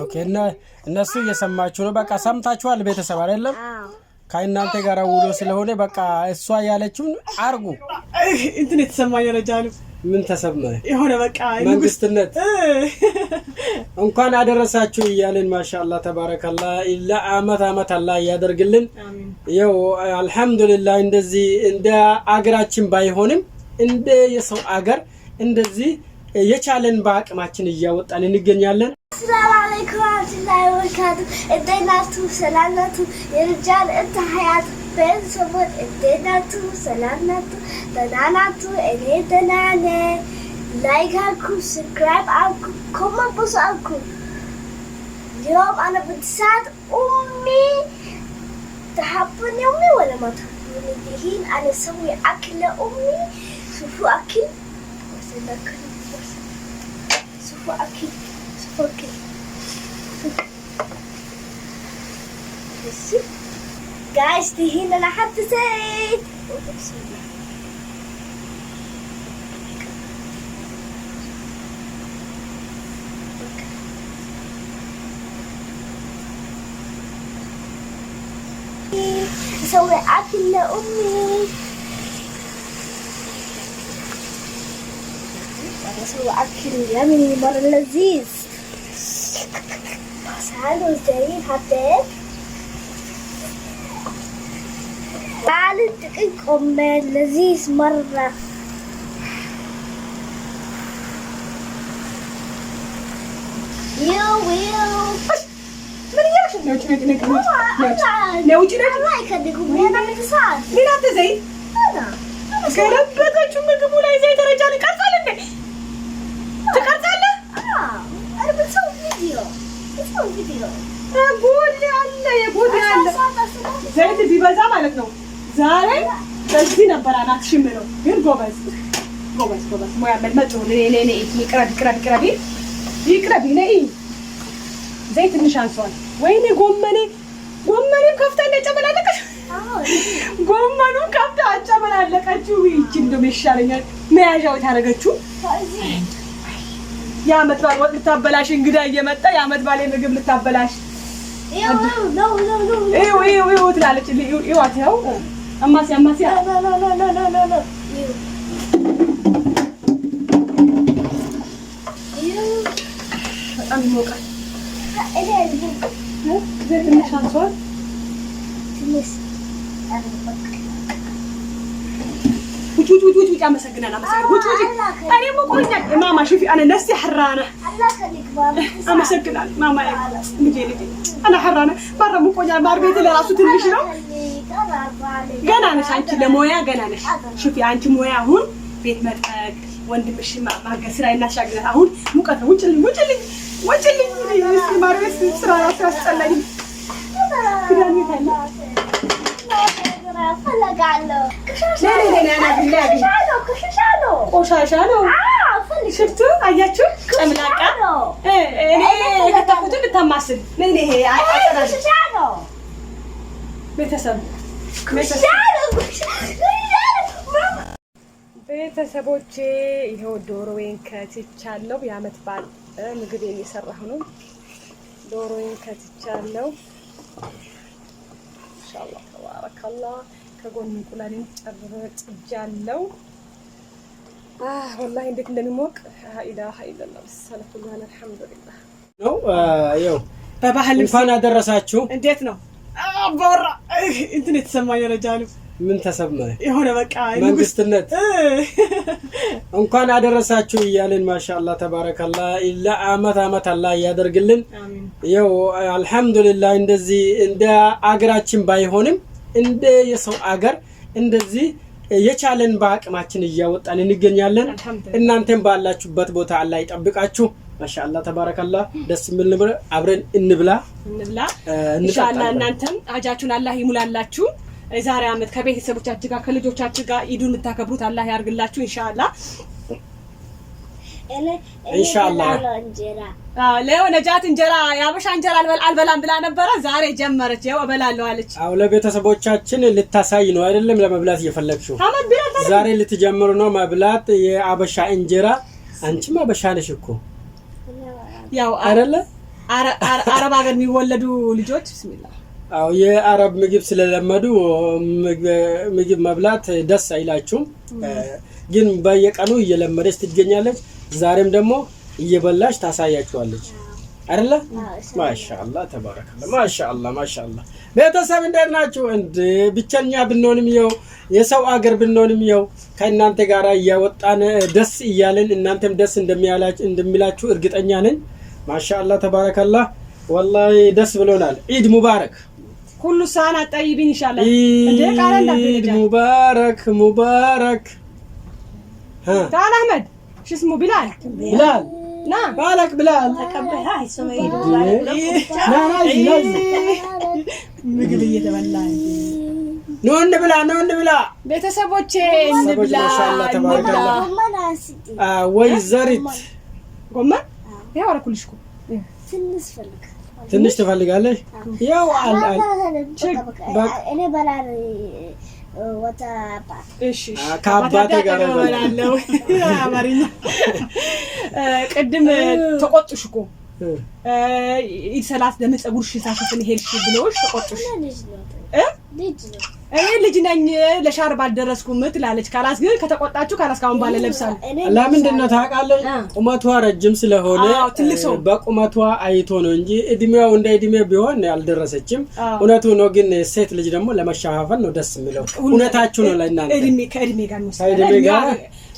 ኦኬ እና እነሱ እየሰማችሁ ነው። በቃ ሰምታችኋል ቤተሰብ አይደለም ከእናንተ ጋር ውሎ ስለሆነ በቃ እሷ ያለችውን አርጉ። እንትን የተሰማኝ ነው ምን ተሰማ የሆነ በቃ መንግስትነት እንኳን አደረሳችሁ እያልን ማሻላ ተባረከላ ለአመት አመት አላ እያደርግልን ው አልሐምዱሊላ እንደዚህ እንደ አገራችን ባይሆንም እንደ የሰው አገር እንደዚህ የቻለን በአቅማችን እያወጣን እንገኛለን። ሰላም አለይኩም ወራህመቱላሂ ወበረካቱ። እንደናችሁ ሰላም ናችሁ? የርጃል እንተ ሀያት पेनसोबत येते नाचू सलाम नाचू तना नाचू एने तनाने लाईक हा खूप सबस्क्राईब आखू komen pas aku. Jawab anak besar ummi. Tahapun happen ummi wala matahun dihin ana sawi akla ummi. Sufu akil. Wasalakan. Sufu akil. Sufu akil. Sufu. Sufu. قعدت هنا لحد زيت اسوي اكل لامي اسوي اكل يمني مره لذيذ بس حلو زي حبيت بعد دقيق أمي لذيذ مرة ከለበጠችው ምግቡ ላይ ዘይት ተረጫን ይቀርጻል እንዴ? ትቀርጻለህ? ጎል ያለ የጎል ያለ ዘይት ቢበዛ ማለት ነው። ዛሬ በዚህ ነበር አናትሽ የምለው ግን ጎበዝ ጎበዝ ጎበዝ ሙያ ይቅረብ ነይ ዘይት ትንሽ አንሷል። ወይኔ ጎመኔ ጎመኔም ከፍታ ከፍታ አጨበላለቀችው። ይቺ እንደውም ይሻለኛል መያዣው የአመት በዓል ወጥ ልታበላሽ እንግዳ እየመጣ የአመት ምግብ ልታበላሽ ትላለች። Ambasi, ambasi. No, በጣም ይሞቃል። አመሰግናል ማማ ሽፊ አነ ነፍሴ ሕራነ አመሰግናል ማማ ልጄ ልጄ አነ ሕራነ ባረ ሞቆኛል። ማር ቤት ለራሱ ትንሽ ነው ገና ነሽ አንቺ ለሞያ ገና ነሽ። ሽፊ አንቺ ሞያ አሁን ቤት መጠቅ ወንድምሽ ማገዝ ስራ እናሻግረት። አሁን ሙቀት ውጭልኝ ውጭልኝ ውጭልኝ ማርቤት ስራ ራሱ ያስጠላኝ ቆሻሻ ነው። ሽፍቱ አያችሁ፣ ጨምላቃ እኔ የከተፉትን ብታማስል ምን ይሄ ቤተሰብ ቤተሰቦቼ ይኸው ዶሮዌን ከትቻለሁ። የአመት በዓል ምግብ እየሰራሁ ነው። ዶሮዌን ከትቻለሁ። ኢንሻአላ ተባረካላ። ከጎን እንቁላልን ጨርጫለሁ። አህ ወላሂ እንዴት እንደሚሞቅ ኢላሀ ኢለላ በሰለላሁ አልሐምዱሊላህ ነው። ያው በባህል እንኳን አደረሳችሁ። እንዴት ነው? አባወራ እንትን የተሰማኝ ደረጃ አሉ። ምን ተሰማ? የሆነ በቃ መንግስትነት እንኳን አደረሳችሁ እያልን ማሻላ ተባረከላ ኢላ አመት አመት አላ እያደርግልን። ው አልሐምዱሊላ እንደዚህ እንደ አገራችን ባይሆንም እንደ የሰው አገር እንደዚህ የቻለን በአቅማችን እያወጣን እንገኛለን። እናንተም ባላችሁበት ቦታ አላ ይጠብቃችሁ። ማሻአላ ተባረከላ። ደስ የሚል ንብረ አብረን እንብላ እንብላ። ኢንሻአላ እናንተም አጃችሁን አላህ ይሙላላችሁ። የዛሬ አመት ከቤተሰቦቻችሁ ጋር ከልጆቻችሁ ጋር ኢዱን የምታከብሩት አላህ ያርግላችሁ። ኢንሻአላ ኢንሻአላ ለሆነ ጃት እንጀራ የአበሻ እንጀራ አልበላም ብላ ነበረ። ዛሬ ጀመረች። ያው እበላለሁ አለች። አዎ ለቤተሰቦቻችን ልታሳይ ነው አይደለም? ለመብላት እየፈለግሽው ዛሬ ልትጀምሩ ነው መብላት የአበሻ እንጀራ። አንቺም አበሻ ነሽ እኮ ያው አይደለ አረብ ሀገር የሚወለዱ ልጆች ብስሚላ አዎ የአረብ ምግብ ስለለመዱ ምግብ መብላት ደስ አይላችሁም፣ ግን በየቀኑ እየለመደች ትገኛለች። ዛሬም ደግሞ እየበላች ታሳያችኋለች አይደለ? ማሻላ ተባረካለ። ማሻላ ማሻላ። ቤተሰብ እንዴት ናችሁ? እንደ ብቸኛ ብንሆንም የው የሰው አገር ብንሆንም የው ከእናንተ ጋር እያወጣን ደስ እያለን እናንተም ደስ እንደሚላችሁ እርግጠኛ ነኝ። ማሻአላ ተባረከላ። ወላሂ ደስ ብሎናል። ኢድ ሙባረክ ሁሉ ሰዓና ጠይብን ይሻላል። ኢድ ሙባረክ ሙባረክ። ታል አህመድ ሽስሙ ቢላል ቢላል ና ባለክ ቢላል ምግብ እየተበላ ኑ እንብላ፣ ኑ እንብላ ቤተሰቦቼ፣ እንብላ። ወይዘሪት ጎመን ያው አልኩልሽ እኮ ትንሽ ፈልግ ትንሽ ትፈልጋለሽ። ያው እኔ በላል ከአባቴ ጋር እበላለሁ። አማርኛ ቅድም ተቆጡሽ እኮ ሰላት ለምን ፀጉርሽ ሳሸፍን ሄድሽ ብለውሽ ተቆጡሽ እ እኔ ልጅ ነኝ ለሻርብ አልደረስኩም ትላለች። ካላስ ግን ከተቆጣችሁ ካላስ ካሁን ባለ ለብሳል። ለምንድን ነው ታውቃለች? ቁመቷ ረጅም ስለሆነ ትልቅ ሰው በቁመቷ አይቶ ነው እንጂ እድሜው እንደ እድሜ ቢሆን አልደረሰችም። እውነቱ ነው። ግን ሴት ልጅ ደግሞ ለመሸፋፈን ነው ደስ የሚለው። እውነታችሁ ነው። ለእናንተ ከእድሜ ጋር ከእድሜ ጋር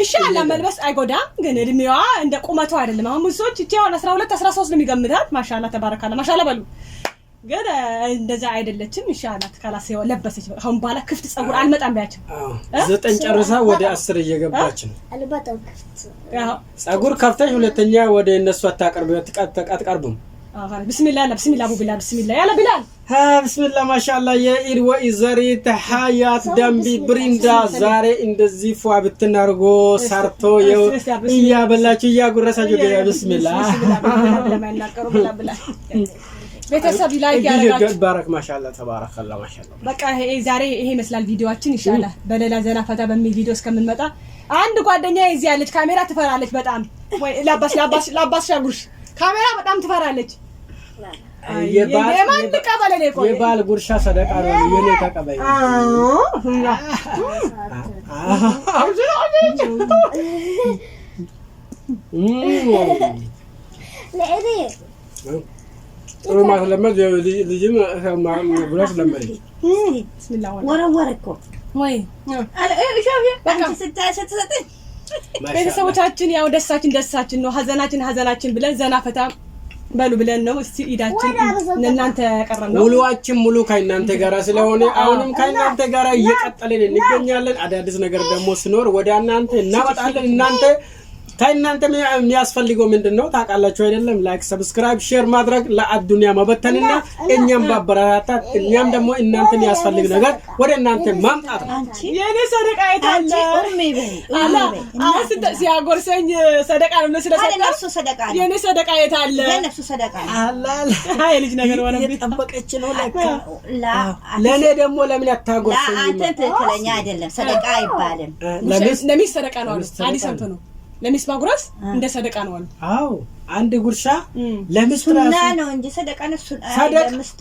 ኢንሻአላህ መልበስ አይጎዳም። ግን እድሜዋ እንደ ቁመቷ አይደለም። አሁን ብዙ ሰዎች እቺ አሁን 12 13 ነው የሚገምታት። ማሻላ ተባረካላ። ማሻላ በሉ ግን እንደዛ አይደለችም። ይሻላት ካላስ ለበሰች። አሁን በኋላ ክፍት ጸጉር አልመጣም ቢያቸው ዘጠኝ ጨርሳ ወደ አስር እየገባች ነው። ጸጉር ከፍተሽ ሁለተኛ ወደ እነሱ አታቀርብ አትቀርቡም። ብስሚላ ብስሚላ አቡ ብስሚላ ያለ ቢላል ብስሚላ ማሻላ የኢድ ወኢዘሪ ተሐያት ደንቢ ብሪንዳ ዛሬ እንደዚህ ፏ ብትን ሰርቶ እያበላችሁ እያጉረሳችሁ ብስሚላ ቤተሰብ ላይ ያደረጋችሁ ገባረክ ማሻላ ተባረከላ ማሻላ። በቃ ይሄ ዛሬ ይሄ ይመስላል ቪዲዮአችን። ይሻላል በሌላ ዘና ፈታ በሚል ቪዲዮ እስከምንመጣ አንድ ጓደኛ እዚህ ያለች ካሜራ ትፈራለች በጣም ወይ ላባስ ላባስ ላባስ ሻጉርሽ ካሜራ በጣም ትፈራለች። የማን ተቀበለ ነው ቆይ የባል ጉርሻ ሰደቃ ነው የኔ ተቀበይ። አዎ ጥሩ ማስለመድ ልጅም ብሎ ስለመደች ወረወረ እኮ ቤተሰቦቻችን ያው ደስታችን ደስታችን ነው፣ ሀዘናችን ሀዘናችን ብለን ዘና ፈታ በሉ ብለን ነው። እስቲ ኢዳችን እናንተ ያቀረብ ነው ሙሉዋችን ሙሉ ከእናንተ ጋራ ስለሆነ አሁንም ከእናንተ ጋራ እየቀጠልን እንገኛለን። አዳዲስ ነገር ደግሞ ስኖር ወደ እናንተ እናመጣለን እናንተ ታይ እናንተ የሚያስፈልገው ምንድን ነው ታውቃላችሁ አይደለም? ላይክ፣ ሰብስክራይብ፣ ሼር ማድረግ ለአዱንያ መበተንና እኛም ባበረታታት እኛም ደግሞ እናንተ የሚያስፈልግ ነገር ወደ እናንተ ማምጣት ነው። የኔ ሰደቃ የታለ? አሁን ሲያጎርሰኝ ሰደቃ ነው ስለሰደቃ የኔ ሰደቃ የታለ? ለነፍሱ ሰደቃ አላል ልጅ ነገር ወለ ቢጠበቀች ነው ለካ ለኔ ደግሞ ለምን ያታጎርሰኝ? አንተ ትክክለኛ አይደለም። ሰደቃ አይባልም። ለምን ሰደቃ ነው? አዲስ ሰምቶ ነው ለሚስባ ጉራስ እንደ ሰደቃ ነው አሉ። አዎ አንድ ጉርሻ ለሚስት ራሱ ነው እንጂ ሰደቃ ነው። ለሚስት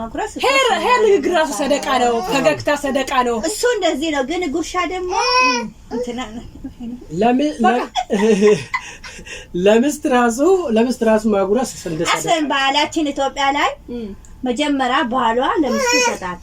ማጉራስ ሄር ሄር ንግግር ራሱ ሰደቃ ነው። ፈገግታ ሰደቃ ነው። እሱ እንደዚህ ነው። ግን ጉርሻ ደግሞ እንትና ለሚስት ራሱ ለሚስት ራሱ ማጉራስ እንደ ሰደቃ አሰን ባህላችን ኢትዮጵያ ላይ መጀመሪያ ባሏ ለሚስት ይሰጣት